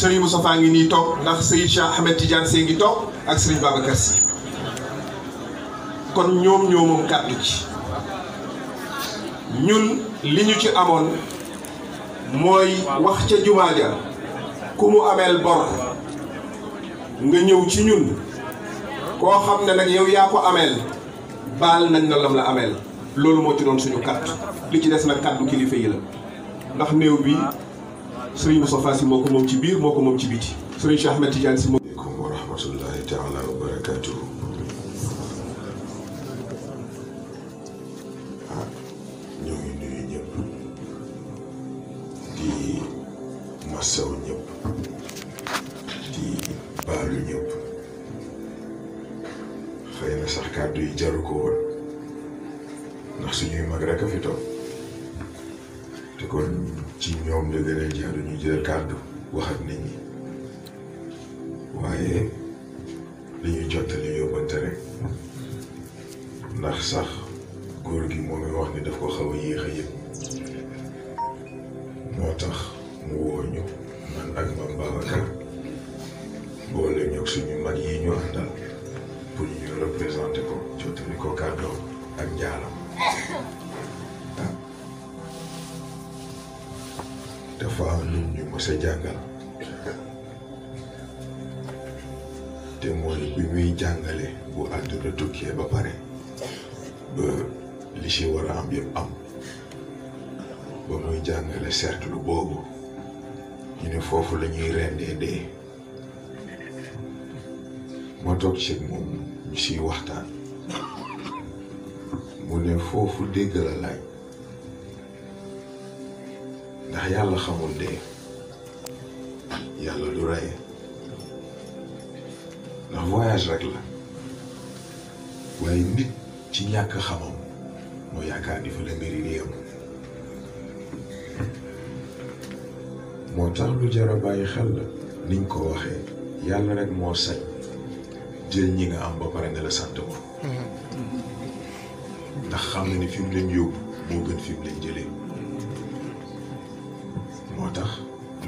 Serigne Moustapha ngi nii toog ndax Serigne Cheikh Ahmed Tidiane Sèye ngi toog ak Serigne Babacar Sy kon ñoom ñoo moom ci ñun li ñu ci amoon mooy wax ca jumaa ja ku mu ameel bor nga ñëw ci ñun koo xam ne nag yow yaa ko ameel baal nañ na lam la ameel loolu moo ci doon suñu kàddu li ci des nag kàddu kilifa yi la ndax néew bi سري مصطفى سيمو كوم تي بير موكو موم تي بيتي سري شيخ احمد تيجان سيمو عليكم ورحمه الله تعالى وبركاته ولكن يجب ان يكون هناك افضل te kon ci ñoom la gën a jaadu ñu jël kàddu wax nit ñi waaye li ñu jottali yóbbante rek ndax sax góor gi moom mi wax ni daf ko xaw a yéex a yëg moo tax mu woo ñu man ak mam Babacar boole ñoog suñu mag yi ñu àndal pour ñu représenté ko jottali ko kàddoom ak njaalam dafa am lu ñu mës a jàngal te mooy bi muy jàngale bu àdduna tukkee ba pare ba li ci war a am yëpp am ba muy jàngale cercle boobu ñu ne foofu lañuy ñuy rendee dee ma toog ci moom ñu siy waxtaan mu ne foofu dégg la laaj ndax yàlla xamul dee yàlla du rey ndax voyage rek la waaye nit ci ñàkk xamam moo yaakaar ni fa la mbiri di moo tax lu jar bàyyi xel la niñ ko waxee yàlla rek moo sañ jël ñi nga am ba pare ne la ko mm-hmm. ndax xam na ni fi mu yóbbu moo gën fi mu jëlee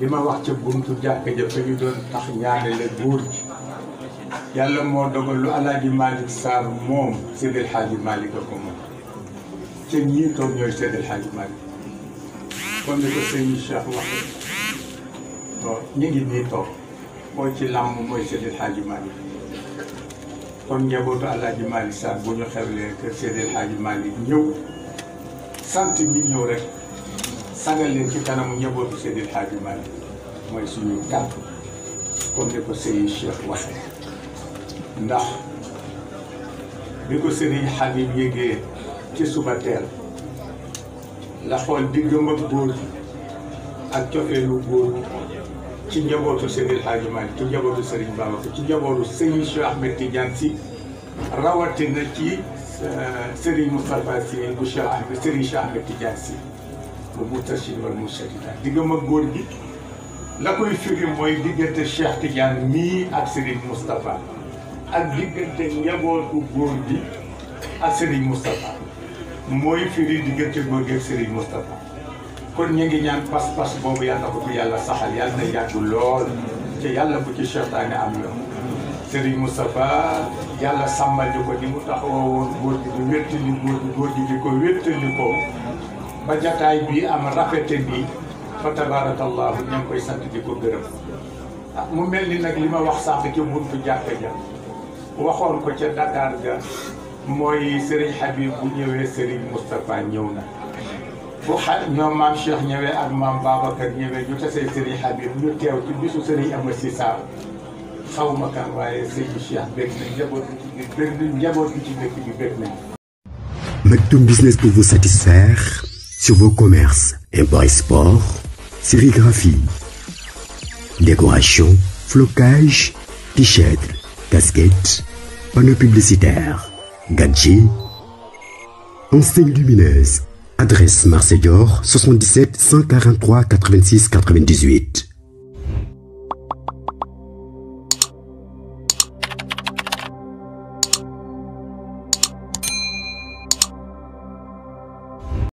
li ma wax ca buntu jàkk ja fa ñu doon tax ñaanale buur ji yàlla moo dogal lu alaaji Malick Sarr moom Seydil Hadji Malick a ko moom ca ñii toog ñooy Seydil Hadji Malick kon ni ko sëñ Cheikh waxe bon ñu ngi nii toog mooy ci làmb mooy Seydil Hadji Malick kon njabootu alaaji Malick Sarr bu ñu xewlee que Seydil Hadji Malick ñëw sant bi ñëw rek sagal leen ci kanamu njabootu Seydil Hadji Malick mooy suñu kàddu comme ni ko Serigne Cheikh waxe ndax bi ko Serigne Habib yégee ci suba teel la xool diggam ak góor gi ak cofeelu góor ci njabootu Seydil Hadji Malick ci njabootu Serigne Babacar ci njabootu Serigne Cheikh Ahmed Tidiane si rawatina ci euh, Serigne Moustapha Sy bu Cheikh Ahmed Serigne Cheikh Ahmed Tidiane Sy ba mu tasiin wala mu sadidaat diggam ak góor gi la koy firi mooy diggante Cheikh Tidiane mii ak Serigne Moustapha ak diggante njabootu góor gi ak Serigne Moustapha mooy firi diggante góor gi ak Serigne Moustapha kon ñu ngi ñaan pas-pas boobu yàlla ko fi yàlla saxal yàlla na yàgg lool ci yàlla bu ci seytaane am yoon Serigne Moustapha yàlla sàmmal ñu ko ni mu taxawoo woon góor gi di wéttali góor gi góor gi di ko wéttali ko ba jataay bi am rafete bi fa tabarakallahu ñu ngi koy sant di ko gërëm ah mu mel ni nag li ma wax sànq ci buntu jàkka ja waxoon ko ca Dakar ga mooy Serigne Habib bu ñëwee Serigne Moustapha ñëw na bu xa ñoom maam Cheikh ñëwee ak maam Babacar ñëwee ñu tasee Serigne Habib ñu teew ci bisu Serigne Ama Si Sarr xaw ma kan waaye Serigne Cheikh bëgg na njaboot bi ci biir bëgg na njaboot bi ci dëkk bi bëgg nañ. Maktoum Business pour vous satisfaire. Sur commerces, et import sports, sérigraphie, décoration, flocage, t casquette, casquettes, panneaux publicitaires, gadgets, enseignes lumineuses. Adresse Marseillor 77 143 86 98.